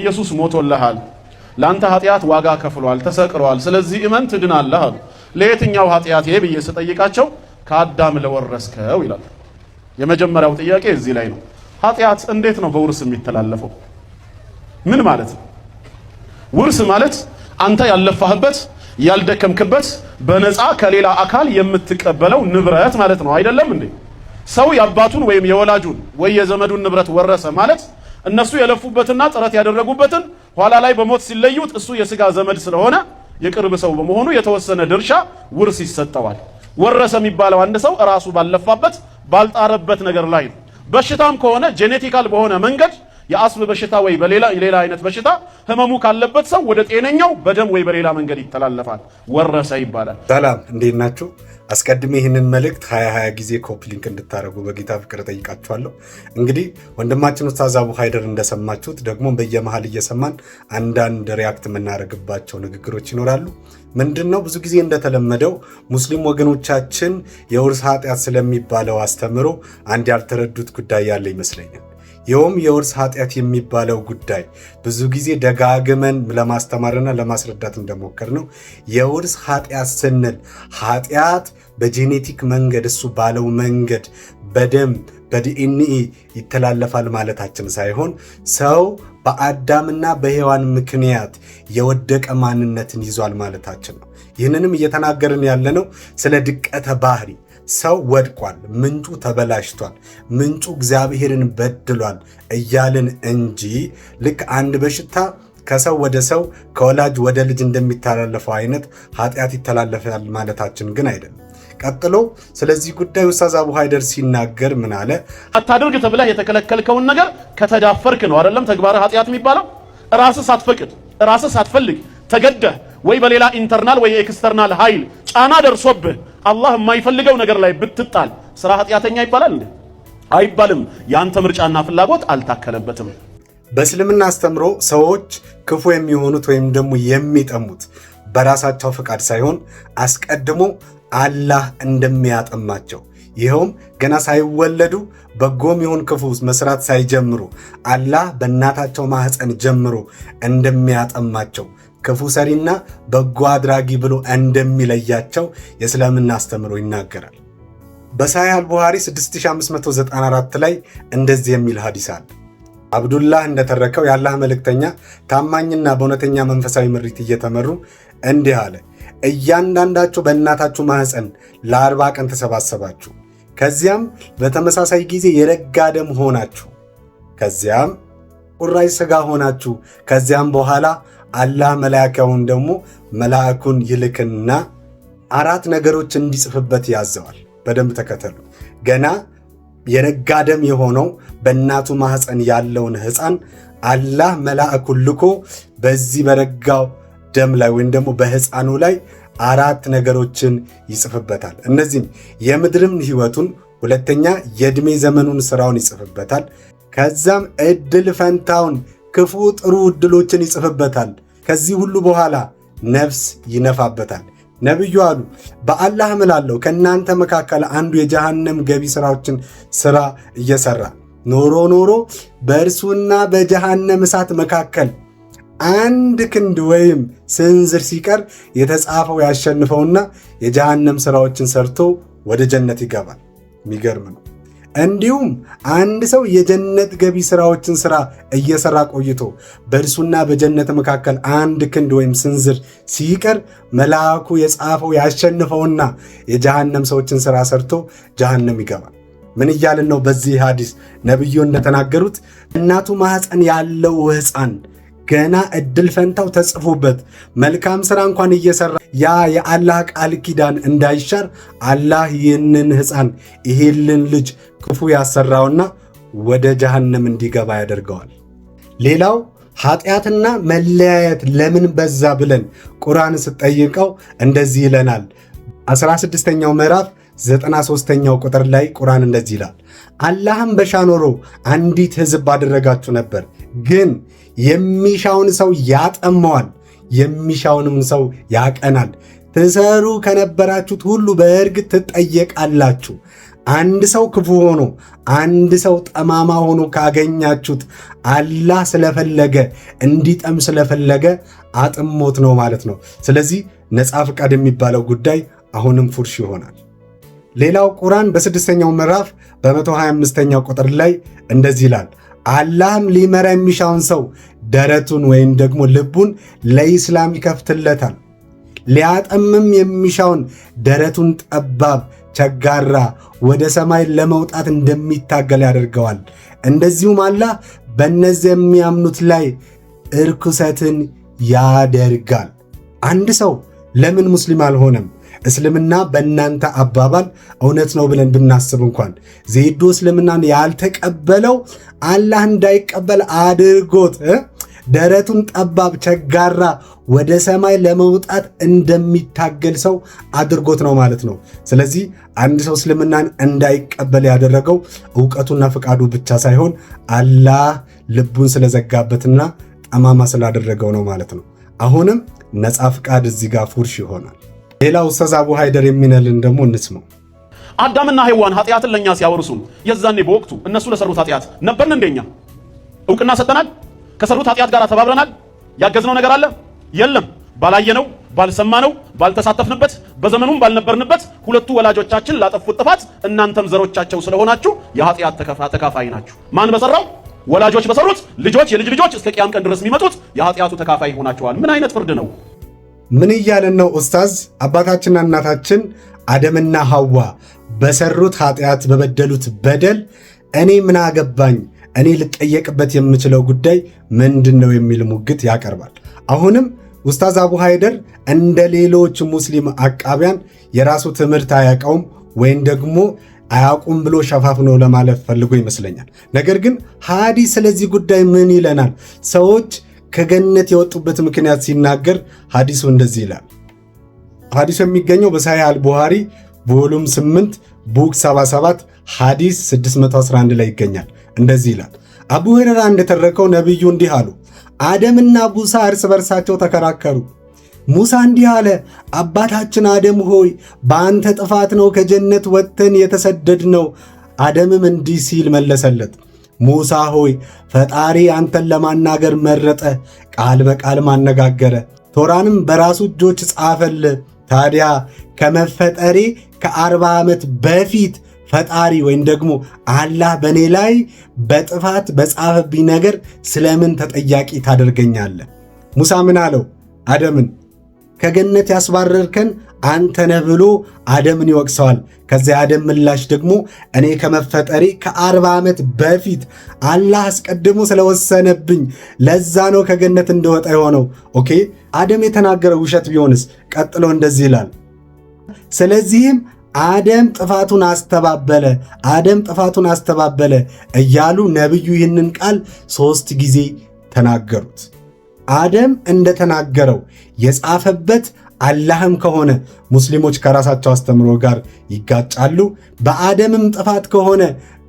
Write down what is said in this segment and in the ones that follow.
ኢየሱስ ሞቶልሃል፣ ለአንተ ኃጢአት ዋጋ ከፍሏል፣ ተሰቅሏል፣ ስለዚህ እመን ትድናለህ አሉ። ለየትኛው ኃጢአቴ ብዬ ስጠይቃቸው ከአዳም ለወረስከው ይላል። የመጀመሪያው ጥያቄ እዚህ ላይ ነው። ኃጢአት እንዴት ነው በውርስ የሚተላለፈው? ምን ማለት ነው? ውርስ ማለት አንተ ያልለፋህበት ያልደከምክበት በነፃ ከሌላ አካል የምትቀበለው ንብረት ማለት ነው። አይደለም እንዴ? ሰው የአባቱን ወይም የወላጁን ወይ የዘመዱን ንብረት ወረሰ ማለት እነሱ የለፉበትና ጥረት ያደረጉበትን ኋላ ላይ በሞት ሲለዩት እሱ የስጋ ዘመድ ስለሆነ የቅርብ ሰው በመሆኑ የተወሰነ ድርሻ ውርስ ይሰጠዋል። ወረሰ የሚባለው አንድ ሰው ራሱ ባለፋበት ባልጣረበት ነገር ላይ ነው። በሽታም ከሆነ ጄኔቲካል በሆነ መንገድ የአስም በሽታ ወይ በሌላ ሌላ አይነት በሽታ ህመሙ ካለበት ሰው ወደ ጤነኛው በደም ወይ በሌላ መንገድ ይተላለፋል፣ ወረሰ ይባላል። ሰላም እንዴት ናችሁ? አስቀድሜ ይህንን መልእክት ሀያ ሀያ ጊዜ ኮፕሊንክ እንድታደርጉ በጌታ ፍቅር ጠይቃችኋለሁ። እንግዲህ ወንድማችን ኡስታዝ አቡ ሀይደር እንደሰማችሁት ደግሞ በየመሀል እየሰማን አንዳንድ ሪያክት የምናደርግባቸው ንግግሮች ይኖራሉ። ምንድን ነው ብዙ ጊዜ እንደተለመደው ሙስሊም ወገኖቻችን የውርስ ኃጢአት ስለሚባለው አስተምሮ አንድ ያልተረዱት ጉዳይ ያለ ይመስለኛል። ይኸውም የውርስ ኃጢአት የሚባለው ጉዳይ ብዙ ጊዜ ደጋግመን ለማስተማርና ለማስረዳት እንደሞከር ነው። የውርስ ኃጢአት ስንል ኃጢአት በጄኔቲክ መንገድ እሱ ባለው መንገድ በደም በዲኤንኤ ይተላለፋል ማለታችን ሳይሆን ሰው በአዳምና በሔዋን ምክንያት የወደቀ ማንነትን ይዟል ማለታችን ነው። ይህንንም እየተናገርን ያለነው ስለ ድቀተ ባህሪ ሰው ወድቋል፣ ምንጩ ተበላሽቷል፣ ምንጩ እግዚአብሔርን በድሏል እያልን እንጂ ልክ አንድ በሽታ ከሰው ወደ ሰው ከወላጅ ወደ ልጅ እንደሚተላለፈው አይነት ኃጢአት ይተላለፋል ማለታችን ግን አይደለም። ቀጥሎ ስለዚህ ጉዳይ ኡስታዝ አቡ ሀይደር ሲናገር ምን አለ? አታደርግ ተብለህ የተከለከልከውን ነገር ከተዳፈርክ ነው አይደለም ተግባር ኃጢአት የሚባለው። ራስህ ሳትፈቅድ ራስህ ሳትፈልግ ተገደህ ወይ በሌላ ኢንተርናል ወይ ኤክስተርናል ኃይል ጫና ደርሶብህ አላህ የማይፈልገው ነገር ላይ ብትጣል ስራ ኃጢአተኛ ይባላል እንዴ? አይባልም። የአንተ ምርጫና ፍላጎት አልታከለበትም። በእስልምና አስተምሮ ሰዎች ክፉ የሚሆኑት ወይም ደግሞ የሚጠሙት በራሳቸው ፈቃድ ሳይሆን አስቀድሞ አላህ እንደሚያጠማቸው ይኸውም ገና ሳይወለዱ በጎም ይሁን ክፉ መስራት ሳይጀምሩ አላህ በእናታቸው ማህፀን ጀምሮ እንደሚያጠማቸው ክፉ ሰሪና በጎ አድራጊ ብሎ እንደሚለያቸው የእስልምና አስተምሮ ይናገራል። በሳይ አልቡሃሪ 6594 ላይ እንደዚህ የሚል ሐዲስ አለ። አብዱላህ እንደተረከው የአላህ መልእክተኛ ታማኝና በእውነተኛ መንፈሳዊ ምሪት እየተመሩ እንዲህ አለ፣ እያንዳንዳችሁ በእናታችሁ ማህፀን ለአርባ ቀን ተሰባሰባችሁ፣ ከዚያም በተመሳሳይ ጊዜ የረጋ ደም ሆናችሁ፣ ከዚያም ቁራጭ ሥጋ ሆናችሁ፣ ከዚያም በኋላ አላህ መላእካውን ደግሞ መላእኩን ይልክና አራት ነገሮች እንዲጽፍበት ያዘዋል። በደንብ ተከተሉ። ገና የነጋ ደም የሆነው በእናቱ ማኅፀን ያለውን ሕፃን አላህ መላእኩን ልኮ በዚህ በረጋው ደም ላይ ወይም ደግሞ በሕፃኑ ላይ አራት ነገሮችን ይጽፍበታል። እነዚህም የምድርም ሕይወቱን፣ ሁለተኛ የዕድሜ ዘመኑን ስራውን ይጽፍበታል። ከዛም እድል ፈንታውን ክፉ ጥሩ እድሎችን ይጽፍበታል። ከዚህ ሁሉ በኋላ ነፍስ ይነፋበታል። ነቢዩ አሉ፣ በአላህ እምላለሁ ከእናንተ መካከል አንዱ የጀሃነም ገቢ ስራዎችን ስራ እየሰራ ኖሮ ኖሮ በእርሱና በጀሃነም እሳት መካከል አንድ ክንድ ወይም ስንዝር ሲቀር የተጻፈው ያሸንፈውና የጀሃነም ስራዎችን ሰርቶ ወደ ጀነት ይገባል። የሚገርም ነው። እንዲሁም አንድ ሰው የጀነት ገቢ ስራዎችን ስራ እየሰራ ቆይቶ በእርሱና በጀነት መካከል አንድ ክንድ ወይም ስንዝር ሲቀር መልአኩ የጻፈው ያሸንፈውና የጀሃነም ሰዎችን ስራ ሰርቶ ጀሃነም ይገባል። ምን እያልን ነው? በዚህ ሐዲስ ነቢዩ እንደተናገሩት እናቱ ማህፀን ያለው ሕፃን ገና እድል ፈንታው ተጽፎበት መልካም ስራ እንኳን እየሰራ ያ የአላህ ቃል ኪዳን እንዳይሻር አላህ ይህንን ሕፃን ይሄልን ልጅ ክፉ ያሰራውና ወደ ጀሃነም እንዲገባ ያደርገዋል። ሌላው ኃጢአትና መለያየት ለምን በዛ ብለን ቁርአን ስጠይቀው እንደዚህ ይለናል። 16ኛው ምዕራፍ 93ኛው ቁጥር ላይ ቁርአን እንደዚህ ይላል፣ አላህም በሻኖሮ አንዲት ሕዝብ ባደረጋችሁ ነበር ግን የሚሻውን ሰው ያጠመዋል የሚሻውንም ሰው ያቀናል። ትሰሩ ከነበራችሁት ሁሉ በእርግጥ ትጠየቃላችሁ። አንድ ሰው ክፉ ሆኖ አንድ ሰው ጠማማ ሆኖ ካገኛችሁት አላህ ስለፈለገ እንዲጠም ስለፈለገ አጥሞት ነው ማለት ነው። ስለዚህ ነጻ ፍቃድ የሚባለው ጉዳይ አሁንም ፉርሽ ይሆናል። ሌላው ቁራን በስድስተኛው ምዕራፍ በ125ኛው ቁጥር ላይ እንደዚህ ይላል አላህም ሊመራ የሚሻውን ሰው ደረቱን ወይም ደግሞ ልቡን ለኢስላም ይከፍትለታል። ሊያጠምም የሚሻውን ደረቱን ጠባብ፣ ቸጋራ ወደ ሰማይ ለመውጣት እንደሚታገል ያደርገዋል። እንደዚሁም አላህ በእነዚያ የሚያምኑት ላይ እርኩሰትን ያደርጋል። አንድ ሰው ለምን ሙስሊም አልሆነም? እስልምና በእናንተ አባባል እውነት ነው ብለን ብናስብ እንኳን ዜዶ እስልምናን ያልተቀበለው አላህ እንዳይቀበል አድርጎት ደረቱን ጠባብ ቸጋራ ወደ ሰማይ ለመውጣት እንደሚታገል ሰው አድርጎት ነው ማለት ነው። ስለዚህ አንድ ሰው እስልምናን እንዳይቀበል ያደረገው እውቀቱና ፈቃዱ ብቻ ሳይሆን አላህ ልቡን ስለዘጋበትና ጠማማ ስላደረገው ነው ማለት ነው። አሁንም ነፃ ፍቃድ እዚህ ጋር ፉርሽ ይሆናል። ሌላው ኡስታዝ አቡ ሃይደር የሚነልን ደግሞ እንስማው። አዳምና ሔዋን ኃጢአትን ለእኛ ሲያወርሱን የዛኔ በወቅቱ እነሱ ለሰሩት ኃጢአት ነበርን እንደኛ እውቅና ሰጠናል? ከሰሩት ኃጢአት ጋር ተባብረናል? ያገዝነው ነገር አለ? የለም። ባላየነው፣ ባልሰማነው፣ ባልተሳተፍንበት፣ በዘመኑም ባልነበርንበት ሁለቱ ወላጆቻችን ላጠፉት ጥፋት እናንተም ዘሮቻቸው ስለሆናችሁ የኃጢአት ተካፋይ ናችሁ። ማን በሰራው? ወላጆች በሰሩት ልጆች፣ የልጅ ልጆች እስከ ቅያም ቀን ድረስ የሚመጡት የኃጢአቱ ተካፋይ ሆናችኋል። ምን አይነት ፍርድ ነው? ምን እያለን ነው ኡስታዝ? አባታችንና እናታችን አደምና ሐዋ በሰሩት ኃጢአት በበደሉት በደል እኔ ምን አገባኝ፣ እኔ ልጠየቅበት የምችለው ጉዳይ ምንድን ነው የሚል ሙግት ያቀርባል። አሁንም ኡስታዝ አቡ ሃይደር እንደ ሌሎች ሙስሊም አቃቢያን የራሱ ትምህርት አያውቀውም ወይም ደግሞ አያውቁም ብሎ ሸፋፍኖ ለማለፍ ፈልጎ ይመስለኛል። ነገር ግን ሀዲ ስለዚህ ጉዳይ ምን ይለናል? ሰዎች ከገነት የወጡበት ምክንያት ሲናገር ሐዲሱ እንደዚህ ይላል። ሐዲሱ የሚገኘው በሳሂህ አልቡሃሪ ቮሉም 8 ቡክ 77 ሐዲስ 611 ላይ ይገኛል። እንደዚህ ይላል። አቡ ሁረይራ እንደተረከው ነቢዩ እንዲህ አሉ፣ አደምና ሙሳ እርስ በርሳቸው ተከራከሩ። ሙሳ እንዲህ አለ፣ አባታችን አደም ሆይ በአንተ ጥፋት ነው ከጀነት ወጥተን የተሰደድነው። አደምም እንዲህ ሲል መለሰለት ሙሳ ሆይ ፈጣሪ አንተን ለማናገር መረጠ፣ ቃል በቃል ማነጋገረ፣ ቶራንም በራሱ እጆች ጻፈል። ታዲያ ከመፈጠሬ ከአርባ ዓመት በፊት ፈጣሪ ወይም ደግሞ አላህ በእኔ ላይ በጥፋት በጻፈብኝ ነገር ስለምን ተጠያቂ ታደርገኛለህ? ሙሳ ምን አለው? አደምን ከገነት ያስባረርከን አንተ ነህ ብሎ አደምን ይወቅሰዋል። ከዚያ አደም ምላሽ ደግሞ እኔ ከመፈጠሪ ከአርባ ዓመት በፊት አላህ አስቀድሞ ስለወሰነብኝ ለዛ ነው ከገነት እንደወጣ የሆነው። ኦኬ አደም የተናገረው ውሸት ቢሆንስ? ቀጥሎ እንደዚህ ይላል። ስለዚህም አደም ጥፋቱን አስተባበለ፣ አደም ጥፋቱን አስተባበለ እያሉ ነቢዩ ይህንን ቃል ሦስት ጊዜ ተናገሩት። አደም እንደተናገረው የጻፈበት አላህም ከሆነ ሙስሊሞች ከራሳቸው አስተምሮ ጋር ይጋጫሉ። በአደምም ጥፋት ከሆነ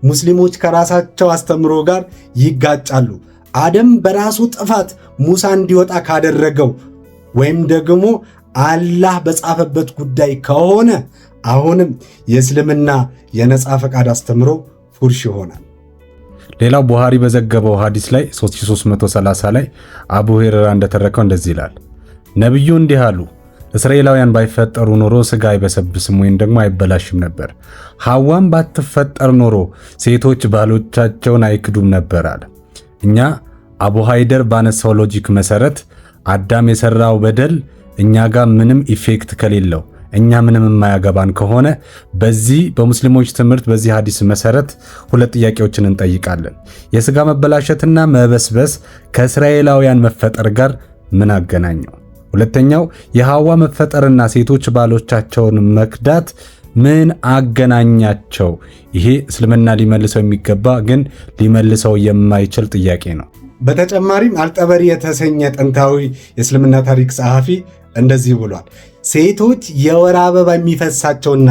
ሙስሊሞች ከራሳቸው አስተምሮ ጋር ይጋጫሉ። አደም በራሱ ጥፋት ሙሳ እንዲወጣ ካደረገው ወይም ደግሞ አላህ በጻፈበት ጉዳይ ከሆነ አሁንም የእስልምና የነፃ ፈቃድ አስተምሮ ፉርሽ ይሆናል። ሌላው ቡሃሪ በዘገበው ሐዲስ ላይ 3330 ላይ አቡ ሁረይራ እንደተረከው እንደዚህ ይላል፣ ነቢዩ እንዲህ አሉ እስራኤላውያን ባይፈጠሩ ኖሮ ስጋ አይበሰብስም ወይም ደግሞ አይበላሽም ነበር። ሐዋም ባትፈጠር ኖሮ ሴቶች ባሎቻቸውን አይክዱም ነበር አለ። እኛ አቡ ሃይደር ባነሳው ሎጂክ መሰረት አዳም የሰራው በደል እኛ ጋር ምንም ኢፌክት ከሌለው እኛ ምንም የማያገባን ከሆነ በዚህ በሙስሊሞች ትምህርት በዚህ ሐዲስ መሰረት ሁለት ጥያቄዎችን እንጠይቃለን። የስጋ መበላሸትና መበስበስ ከእስራኤላውያን መፈጠር ጋር ምን አገናኘው? ሁለተኛው የሐዋ መፈጠርና ሴቶች ባሎቻቸውን መክዳት ምን አገናኛቸው? ይሄ እስልምና ሊመልሰው የሚገባ ግን ሊመልሰው የማይችል ጥያቄ ነው። በተጨማሪም አልጠበሪ የተሰኘ ጥንታዊ የእስልምና ታሪክ ጸሐፊ እንደዚህ ብሏል። ሴቶች የወር አበባ የሚፈሳቸውና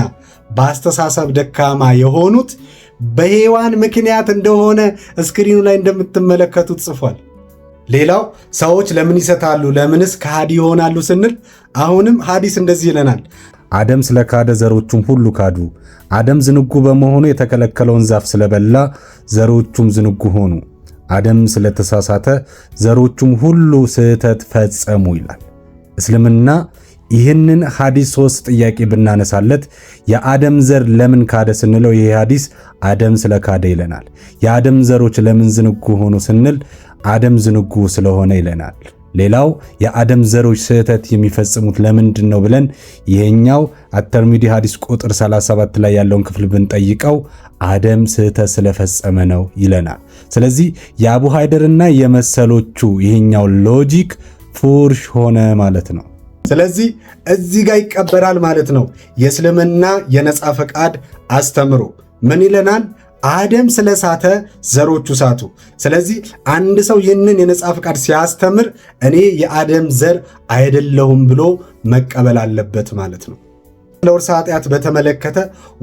በአስተሳሰብ ደካማ የሆኑት በሔዋን ምክንያት እንደሆነ እስክሪኑ ላይ እንደምትመለከቱት ጽፏል። ሌላው ሰዎች ለምን ይሰታሉ? ለምንስ ከሃዲ ይሆናሉ ስንል አሁንም ሐዲስ እንደዚህ ይለናል። አደም ስለካደ ዘሮቹም ሁሉ ካዱ። አደም ዝንጉ በመሆኑ የተከለከለውን ዛፍ ስለበላ ዘሮቹም ዝንጉ ሆኑ። አደም ስለተሳሳተ ዘሮቹም ሁሉ ስህተት ፈጸሙ ይላል እስልምና። ይህንን ሐዲስ ሶስት ጥያቄ ብናነሳለት የአደም ዘር ለምን ካደ ስንለው ይህ ሐዲስ አደም ስለካደ ይለናል። የአደም ዘሮች ለምን ዝንጉ ሆኑ ስንል አደም ዝንጉ ስለሆነ ይለናል። ሌላው የአደም ዘሮች ስህተት የሚፈጽሙት ለምንድን ነው ብለን ይሄኛው አተርሚዲ ሐዲስ ቁጥር 37 ላይ ያለውን ክፍል ብንጠይቀው አደም ስህተት ስለፈጸመ ነው ይለናል። ስለዚህ የአቡ ሃይደርና የመሰሎቹ ይሄኛው ሎጂክ ፉርሽ ሆነ ማለት ነው። ስለዚህ እዚህ ጋር ይቀበራል ማለት ነው። የእስልምና የነፃ ፈቃድ አስተምሮ ምን ይለናል? አደም ስለሳተ ዘሮቹ ሳቱ። ስለዚህ አንድ ሰው ይህንን የነጻ ፈቃድ ሲያስተምር እኔ የአደም ዘር አይደለሁም ብሎ መቀበል አለበት ማለት ነው። ለውርስ ኃጢአት በተመለከተ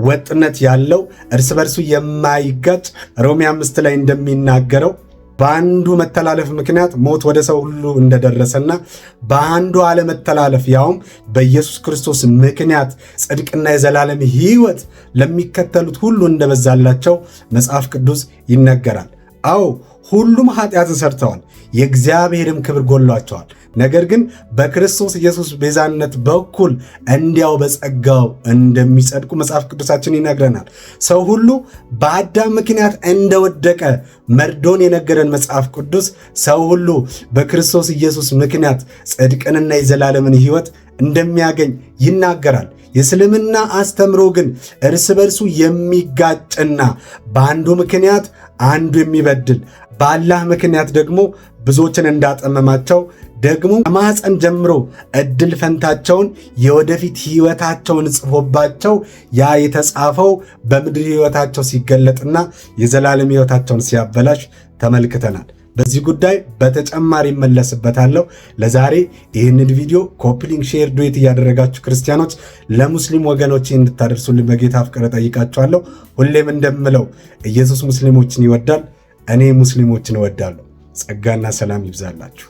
ወጥነት ያለው እርስ በርሱ የማይጋጭ ሮሜ አምስት ላይ እንደሚናገረው በአንዱ መተላለፍ ምክንያት ሞት ወደ ሰው ሁሉ እንደደረሰና በአንዱ አለመተላለፍ ያውም በኢየሱስ ክርስቶስ ምክንያት ጽድቅና የዘላለም ሕይወት ለሚከተሉት ሁሉ እንደበዛላቸው መጽሐፍ ቅዱስ ይነገራል። አዎ ሁሉም ኃጢአትን ሰርተዋል፣ የእግዚአብሔርም ክብር ጎሏቸዋል። ነገር ግን በክርስቶስ ኢየሱስ ቤዛነት በኩል እንዲያው በጸጋው እንደሚጸድቁ መጽሐፍ ቅዱሳችን ይነግረናል። ሰው ሁሉ በአዳም ምክንያት እንደወደቀ መርዶን የነገረን መጽሐፍ ቅዱስ ሰው ሁሉ በክርስቶስ ኢየሱስ ምክንያት ጽድቅንና የዘላለምን ሕይወት እንደሚያገኝ ይናገራል። የእስልምና አስተምሮ ግን እርስ በርሱ የሚጋጭና በአንዱ ምክንያት አንዱ የሚበድል በአላህ ምክንያት ደግሞ ብዙዎችን እንዳጠመማቸው ደግሞ ከማፀን ጀምሮ እድል ፈንታቸውን የወደፊት ህይወታቸውን ጽፎባቸው ያ የተጻፈው በምድር ህይወታቸው ሲገለጥና የዘላለም ህይወታቸውን ሲያበላሽ ተመልክተናል። በዚህ ጉዳይ በተጨማሪ እመለስበታለሁ። ለዛሬ ይህንን ቪዲዮ ኮፕሊንግ፣ ሼር፣ ዱዌት እያደረጋችሁ ክርስቲያኖች ለሙስሊም ወገኖች እንድታደርሱልን በጌታ ፍቅር ጠይቃችኋለሁ። ሁሌም እንደምለው ኢየሱስ ሙስሊሞችን ይወዳል። እኔ ሙስሊሞችን እወዳለሁ። ጸጋና ሰላም ይብዛላችሁ።